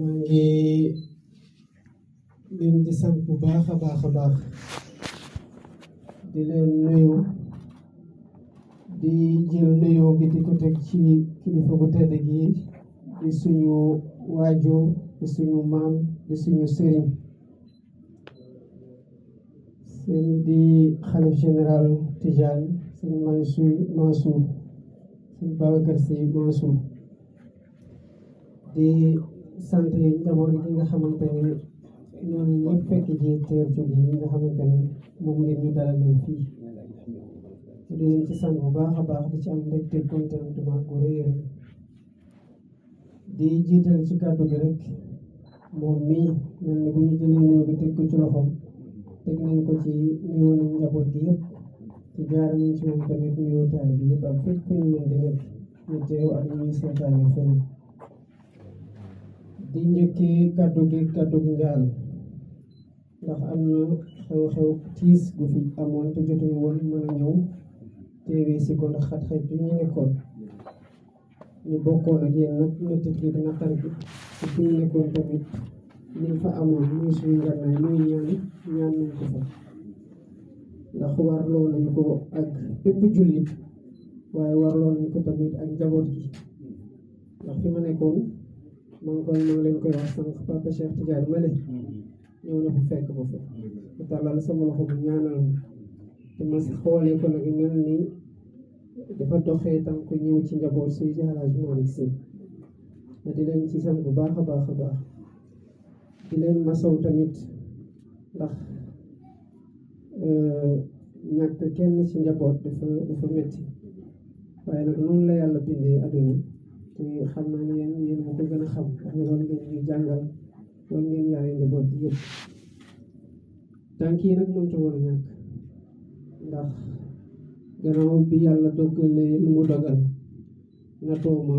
maa ngi leen di sant bu baax a baax a baax di leen nuyu di jël nuyoo bi di ko teg ci kilifa bu tedd gi di suñu waajur di suñu maam di suñu sëriñ sëriñ di xalif général Tijane sëriñ Mansour Mansour sëriñ Babacar Sy di sant njaboot gi nga xamante ne ñooñu ñëpp fekk ji teertu bi yi nga xamante ne moom ngeen ñu dalal leen fii di leen ci sant bu baax a baax di ci am mbégte contentement bu rëy di jiital ci kàddu gi rek moom mii mel ni bu ñu jëlee nuyoo bi teg ko ci loxoom teg nañ ko ci nuyoo nañ njaboot gi yëpp ci jaara nañ ci moom tamit nuyoo taal bi yëpp ak fépp fu ñu mën di nekk ñu teew ak ñuy seetaane fenn di njëkkee kaddu gi kaddu gi njaal ndax am na xew-xew tiis gu fi amoon te jotuñu woon mën a ñëw teewee si ko ndax xat-xat bi ñu nekkoon ñu bokkoon ak yéen nag mettit gi naqar bi fi nekkoon tamit liñ fa amoon muy suñu ngànnaay muy ñaan ñaan nañ ko fa ndax warloo nañu ko ak bépp jullit waaye loolu nañu ko tamit ak njaboot gi ndax fi ma nekkoon ma koy ma leen koy wax sama papa Cheikh Tidiane Male mm-hmm. ñëw na bu fekk ba fa ma mm-hmm. tàllal sama loxo bu ñaanal te ma xoolee ko nag ni dafa doxee tànk ñëw ci njaboot suy si Alaaji Malick Si ma di leen ci sant bu baax a baax a baax di leen masaw tamit ndax euh, ñàkk kenn ci njaboot dafa waaye nag noonu la yàlla bindee adduna te xam naa ne yéen yéen a ko gën a xam ndax loolu ngeen ñuy jàngal loolu ngeen yaare njaboot bi yëpp tànk yi nag mënta woon a ñàkk ndax gannaaw bi yàlla dogalee lu mu dogal natoo ma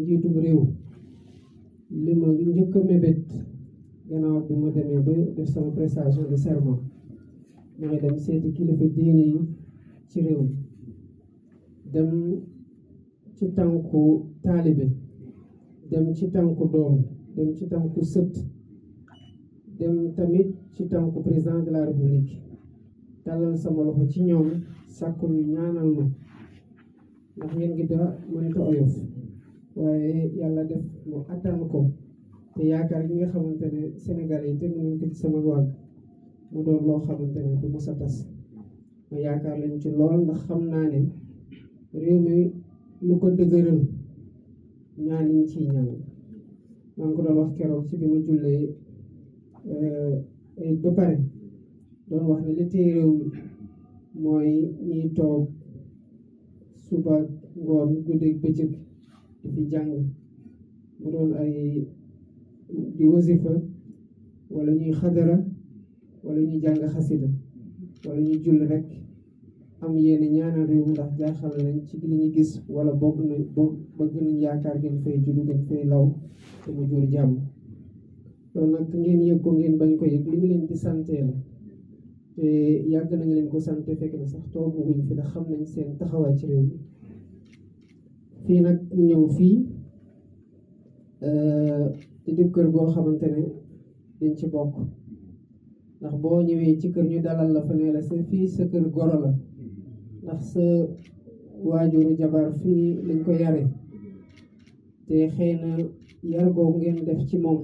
njiitu réew li ma njëkk a mébét gannaaw bi ma deme ba def sama prestation de serment mooy dem seeti kilifa diine yi ci réew dem ci tànku taalibe dem ci tànku doom dem ci tànku sët dem tamit ci tànku président de la république tàllal sama loxo ci ñoom sàkku ñu ñaanal ma ndax ngeen gi da mënta oyof waaye yàlla def mu attan ko te yaakaar gi nga xamante ne Sénégal yi teg nañ ko ci sama wàgg mu doon loo xamante du mos a tas ma yaakaar lañ ci lool ndax xam naa ne mi lu ko dëgëral ñaan yi ci ñaan maa ngi ko doon wax keroog ci bi ma jullee euh, ba pare doon wax ne li tey réew mi mooy ñiy toog suba ngoon guddeeg bëccëg di fi jàng mu doon ay di wasifa wala ñuy xadara wala ñuy jàng xasida wala ñuy julli rek am yéene ñaanal réew mi ndax jaaxal nañ ci li ñu gis wala bokk nañ bokk bëgg nañ yaakaar ngeen fay juddu ngeen fay law te jur jàmm loolu nag ngeen yëg ko ngeen bañ ko yëg li ñu leen di sante la te yàgg nañ leen ko sante fekk na sax tooguñ fi ndax xam nañ seen taxawaay ci réew mi fii nag ñëw fii te eh, dib kër goo xamante ne dañ ci bokk ndax boo ñëwee ci kër ñu dalal la fa ne la sa fii sa kër goro la ndax sa waajuru jabar fii lañ ko yare te xëy na yar googu ngeen def ci moom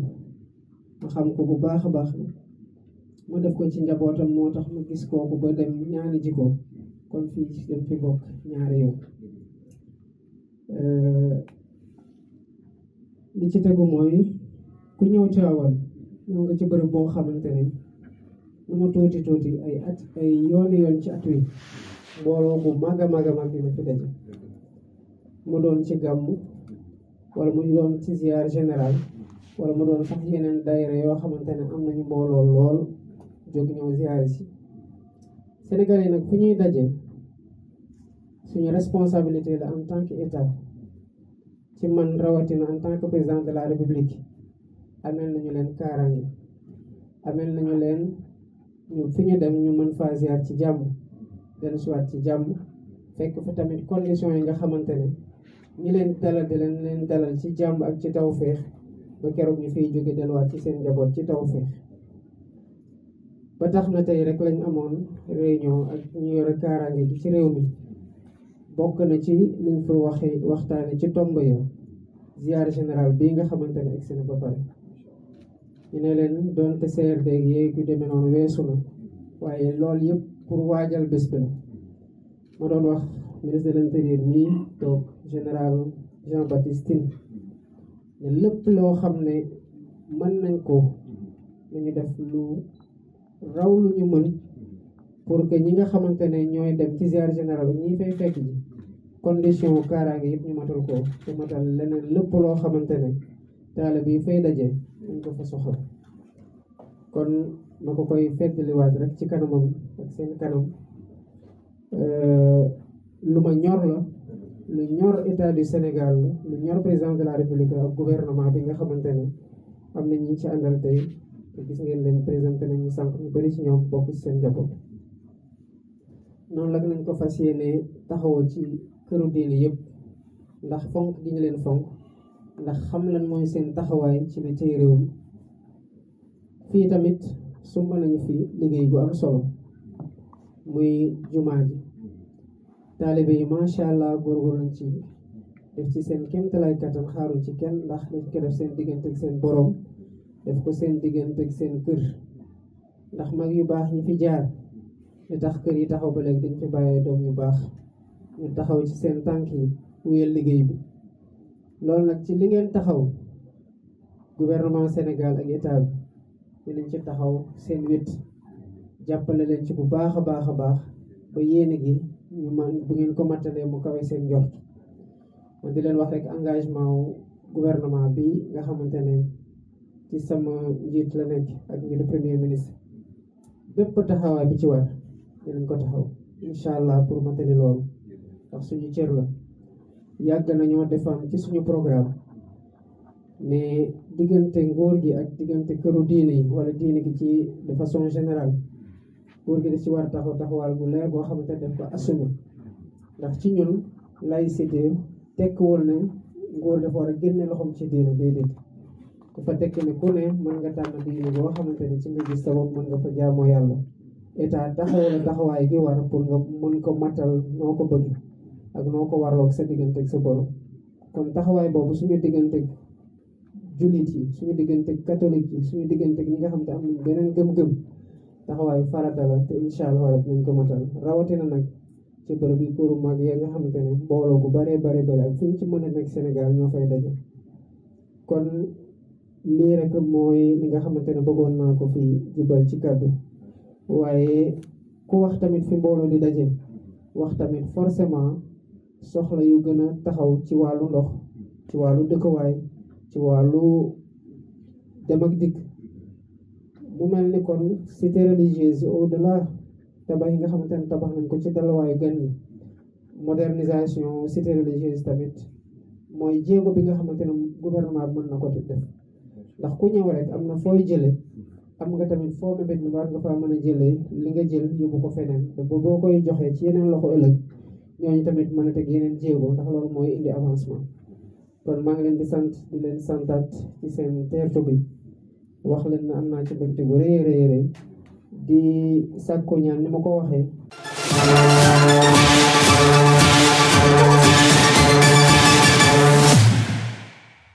ma xam ko bu baax a baax ma def ko ci njabootam moo tax ma gis kooku ba dem ñaani ji kon fii ci dem fi bokk ñaari yow li ci tegu mooy ku ñëw Tiwaawan ñëw nga ci bërëb boo xamante ne lu ma tuuti tuuti ay at ay yooni yoon ci at wi mbooloo bu mag a mag a mag dina fi daje mu doon ci gàmmu wala mu doon ci ziar général wala mu doon sax yeneen daayira yoo xamante ne am nañu mbooloo lool jóg ñëw ziar si Sénégal yi nag fu ñuy daje suñu responsabilité la en tant que état ci man rawatina en tant que président de la république amel nañu leen kaaraange amel nañu leen ñu fu ñu dem ñu mën faa ziar ci jàmm dellu siwaat ci jàmm fekk fa tamit condition yi nga xamante ne ñi leen dalal de leen leen dalal ci jàmm ak ci tawféex ba keroog ñi fiy jóge delluwaat ci seen njaboot ci tawféex ba tax na tey rek lañ amoon réunion ak ñu yore kaaraange gi ci réew mi bokk na ci liñ fa waxe waxtaane ci tomb ya ziyaare général bii nga xamante ne egsi na ba pare ñu ne leen doonte CRD yeeg yu demee noonu weesu na waaye loolu yëpp pour waajal bés moo doon wax ministre de l'intérieur toog général Jean Baptiste Tine ne lépp loo xam ne mën nañ ko nañu def lu raw lu ñu mën pour que ñi nga xamante ne ñooy dem ci ziar général ñi fay fekk ji condition kaaraange yëpp ñu matal ko te matal leneen lépp loo xamante ne taalibe bi fay daje dañ ko fa soxla kon ma ko koy feddliwaat rek ci kanamam ak seen kanam euh, lu ma ñor la lu ñor état lu ñor président de la république ak gouvernement bi nga xamante ne am na ñi ci àndal tey gis ngeen leen présenté nañu sànq ñu bëri ci ñoom bokk seen njaboot noonu la nañ ko fas yéene taxawoo ci këru diine yëpp ndax fonk gi ñu leen fonk ndax xam lan mooy seen taxawaay ci li tey réew fii tamit sumba nañu fi liggéey bu am solo muy jumaa ji taalibe yi macha allah nañ ci def ci seen kéemtalaay kattan xaarul ci kenn ndax dañ ko seen diggante ak seen boroom def ko seen diggante ak seen kër ndax mag yu baax ñu fi jaar li tax kër yi taxaw ba léegi dañ fi bàyyee doom yu baax ñu taxaw ci seen tànk yi wuyal liggéey bi loolu nag ci li ngeen taxaw gouvernement Sénégal ak état bi dinañ ci taxaw seen wet jàppale leen ci bu baax a baax a baax ba yéene gi ñu bu ngeen ko mattalee mu kawe seen njort ma di leen wax rek engagement wu gouvernement bi nga xamante ne ci sama njiit la nekk ak njiitu premier ministre bépp taxawaay bi ci war dinañ ko taxaw incha allah pour matali loolu ndax suñu cër la yàgg nañoo defam ci suñu programme diggante nguur gi ak diggante këru diine yi wala diine gi ci de façon générale nguur gi da ci war a taxaw taxawaal bu leer goo xamante ne daf ko assumé ndax ci ñun laïcité tekkiwul ne nguur dafa war a génne loxoom ci diine déedéet dafa tekki ne ku ne mën nga tànn diine boo xamante ne ci sa mën nga fa jaamoo yàlla état taxaw la taxawaay gi war pour nga mën ko matal noo ko bëgg ak noo ko warloog sa diggante ak sa borom kon taxawaay boobu suñu diggante jullit yi suñu diggante catholique yi suñu diggante ñi nga xam te am nañ beneen gëm-gëm taxawaayu farata la te incha allah rek nañ ko rawatina nag ci bërëb yi kóoru mag nga xamante ne mbooloo gu bare bare bare ak fuñ ci mën a nekk Sénégal ñoo fay daje kon lii li nga xamante ne bëggoon naa ko fi jibal ci kàddu waaye ku wax tamit fi mbooloo di daje wax tamit forcément soxla yu gën a taxaw ci wàllu ndox ci wàllu dëkkuwaay ci wàllu dem ak dikk mu mel ni kon cité religieuse au delà tabax yi nga xamante ne tabax nañ ko ci dalawaayu gan yi modernisation cité religieuse tamit mooy jéego bi nga xamante ne gouvernement bi mën na ko def ndax ku ñëw rek am na fooy jële am nga tamit foo mébét nu war nga faa mën a jëlee li nga jël yóbbu ko feneen boo boo koy joxee ci yeneen loxo ëllëg ñooñu tamit mën a teg yeneen jéego ndax loolu mooy indi avancement kon maa ngi leen di sant di leen santaat ci seen teertu bi wax leen na am naa ci mbégte gu rëy rëy rëy di sàkku ñaan ni ma ko waxee